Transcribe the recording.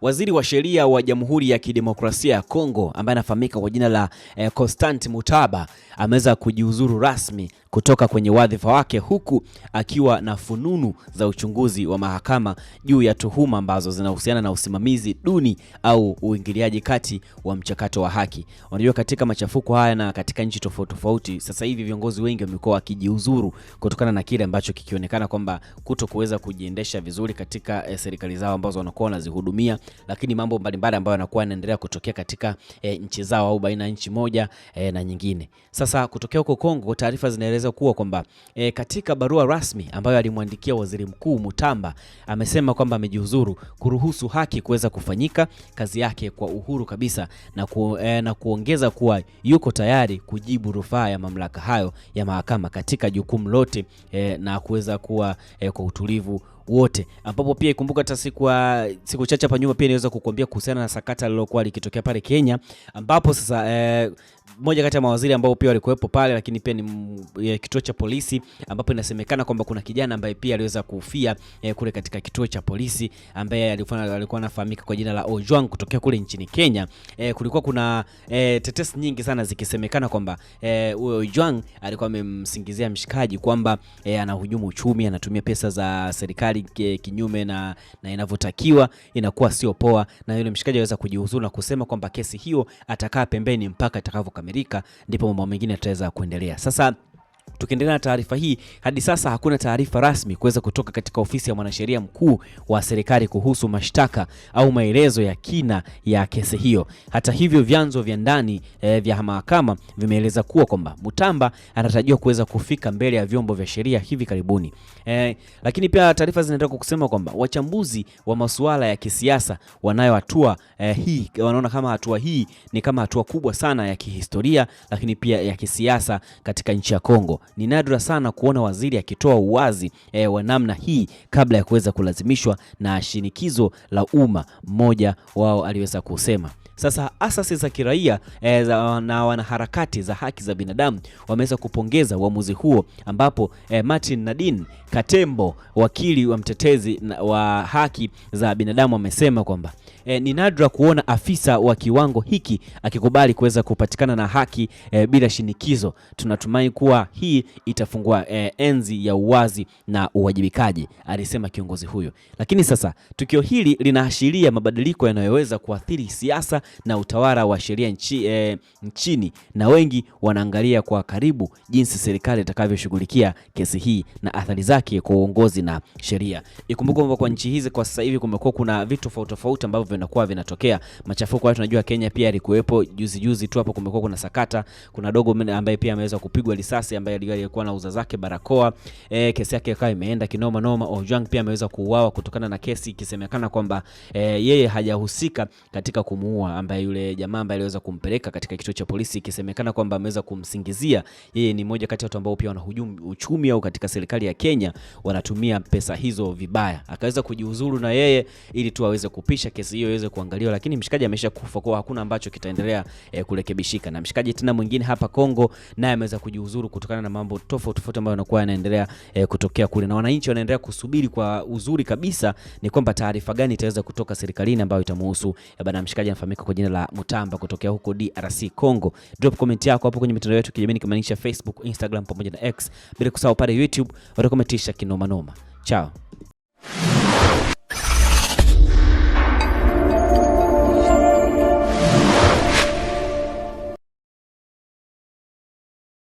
Waziri wa sheria wa Jamhuri ya Kidemokrasia ya Kongo ambaye anafahamika kwa jina la eh, Constant eh, Mutaba ameweza kujiuzuru rasmi kutoka kwenye wadhifa wake huku akiwa na fununu za uchunguzi wa mahakama juu ya tuhuma ambazo zinahusiana na usimamizi duni au uingiliaji kati wa mchakato wa haki. Unajua, katika machafuko haya na katika nchi tofauti tofauti, sasa hivi viongozi wengi wamekuwa wakijiuzuru kutokana na kile ambacho kikionekana kwamba kuto kuweza kujiendesha vizuri katika eh, serikali zao ambazo wanakuwa wanazihudumia, lakini mambo mbalimbali ambayo yanakuwa yanaendelea kutokea katika eh, nchi zao au baina ya nchi moja eh, na nyingine. Sasa kutokea huko Kongo, taarifa zinaeleza ameeleza kuwa kwamba e, katika barua rasmi ambayo alimwandikia Waziri Mkuu Mutamba amesema kwamba amejiuzuru kuruhusu haki kuweza kufanyika kazi yake kwa uhuru kabisa na, ku, e, na kuongeza kuwa yuko tayari kujibu rufaa ya mamlaka hayo ya mahakama katika jukumu lote e, na kuweza kuwa e, kwa utulivu wote, ambapo pia ikumbuka hata siku ah, siku chache hapa nyuma pia niweza kukuambia kuhusiana na sakata lilokuwa likitokea pale Kenya, ambapo sasa eh, moja kati ya mawaziri ambao pia walikuwepo pale, lakini pia ni kituo cha polisi, ambapo inasemekana kwamba kuna kijana ambaye pia aliweza kufia eh, kule katika kituo cha polisi ambaye alikuwa anafahamika kwa jina la Ojwang kutokea kule nchini Kenya. Eh, kulikuwa kuna eh, tetesi nyingi sana zikisemekana kwamba eh, huyo eh, Ojwang alikuwa amemsingizia mshikaji kwamba eh, anahujumu uchumi, anatumia pesa za serikali hali kinyume na, na inavyotakiwa inakuwa sio poa, na yule mshikaji aweza kujihuzuru na kusema kwamba kesi hiyo atakaa pembeni mpaka itakavyokamilika, ndipo mambo mengine yataweza kuendelea sasa Tukiendelea na taarifa hii, hadi sasa hakuna taarifa rasmi kuweza kutoka katika ofisi ya mwanasheria mkuu wa serikali kuhusu mashtaka au maelezo ya kina ya kesi hiyo. Hata hivyo, vyanzo vya ndani e, vya mahakama vimeeleza kuwa kwamba Mutamba anatarajiwa kuweza kufika mbele ya vyombo vya sheria hivi karibuni. E, lakini pia taarifa zinaendelea kusema kwamba wachambuzi wa masuala ya kisiasa wanayo hatua e, hii wanaona kama hatua hii ni kama hatua kubwa sana ya kihistoria, lakini pia ya kisiasa katika nchi ya Kongo ni nadra sana kuona waziri akitoa uwazi e, wa namna hii kabla ya kuweza kulazimishwa na shinikizo la umma, mmoja wao aliweza kusema. Sasa asasi za kiraia e, za, na wanaharakati za haki za binadamu wameweza kupongeza uamuzi huo ambapo e, Martin Nadine Katembo wakili wa mtetezi wa haki za binadamu amesema kwamba e, ni nadra kuona afisa wa kiwango hiki akikubali kuweza kupatikana na haki e, bila shinikizo. Tunatumai kuwa hii itafungua e, enzi ya uwazi na uwajibikaji, alisema kiongozi huyo. Lakini sasa tukio hili linaashiria mabadiliko yanayoweza kuathiri siasa na utawala wa sheria nchi, e, nchini na wengi wanaangalia kwa karibu jinsi serikali itakavyoshughulikia kesi hii na athari zake kwa uongozi na sheria. Ikumbukwe kwamba kwa nchi hizi kwa sasa hivi kumekuwa kuna vitu tofauti tofauti ambavyo vinakuwa vinatokea machafuko. Tunajua Kenya pia alikuwepo juzi juzi tu hapo, kumekuwa kuna sakata, kuna dogo ambaye pia ameweza kupigwa risasi, ambaye alikuwa anauza zake barakoa e, kesi yake ikawa imeenda kinoma noma. Ojwang pia ameweza kuuawa kutokana na kesi ikisemekana kwamba e, yeye hajahusika katika kumuua ambaye yule jamaa ambaye aliweza kumpeleka katika kituo cha polisi, ikisemekana kwamba ameweza kumsingizia yeye ni mmoja kati ya watu ambao pia wanahujumu uchumi au katika serikali ya Kenya wanatumia pesa hizo vibaya, akaweza kujiuzuru na yeye ili tu aweze kupisha kesi hiyo iweze kuangaliwa, lakini mshikaji amesha kufa kwa hakuna ambacho kitaendelea eh, kurekebishika. Na mshikaji tena mwingine hapa Kongo naye ameweza kujiuzuru kutokana na mambo tofauti tofauti ambayo yanakuwa yanaendelea eh, kutokea kule, na wananchi wanaendelea kusubiri kwa uzuri kabisa ni kwamba taarifa gani itaweza kutoka serikalini ambayo itamhusu eh, bwana mshikaji anafahamika kwa jina la Mutamba kutokea huko DRC Congo. Drop comment yako hapo kwenye mitandao yetu kijamii nikimaanisha Facebook, Instagram pamoja na X, bila kusahau pale YouTube watakometisha kinoma noma. Chao.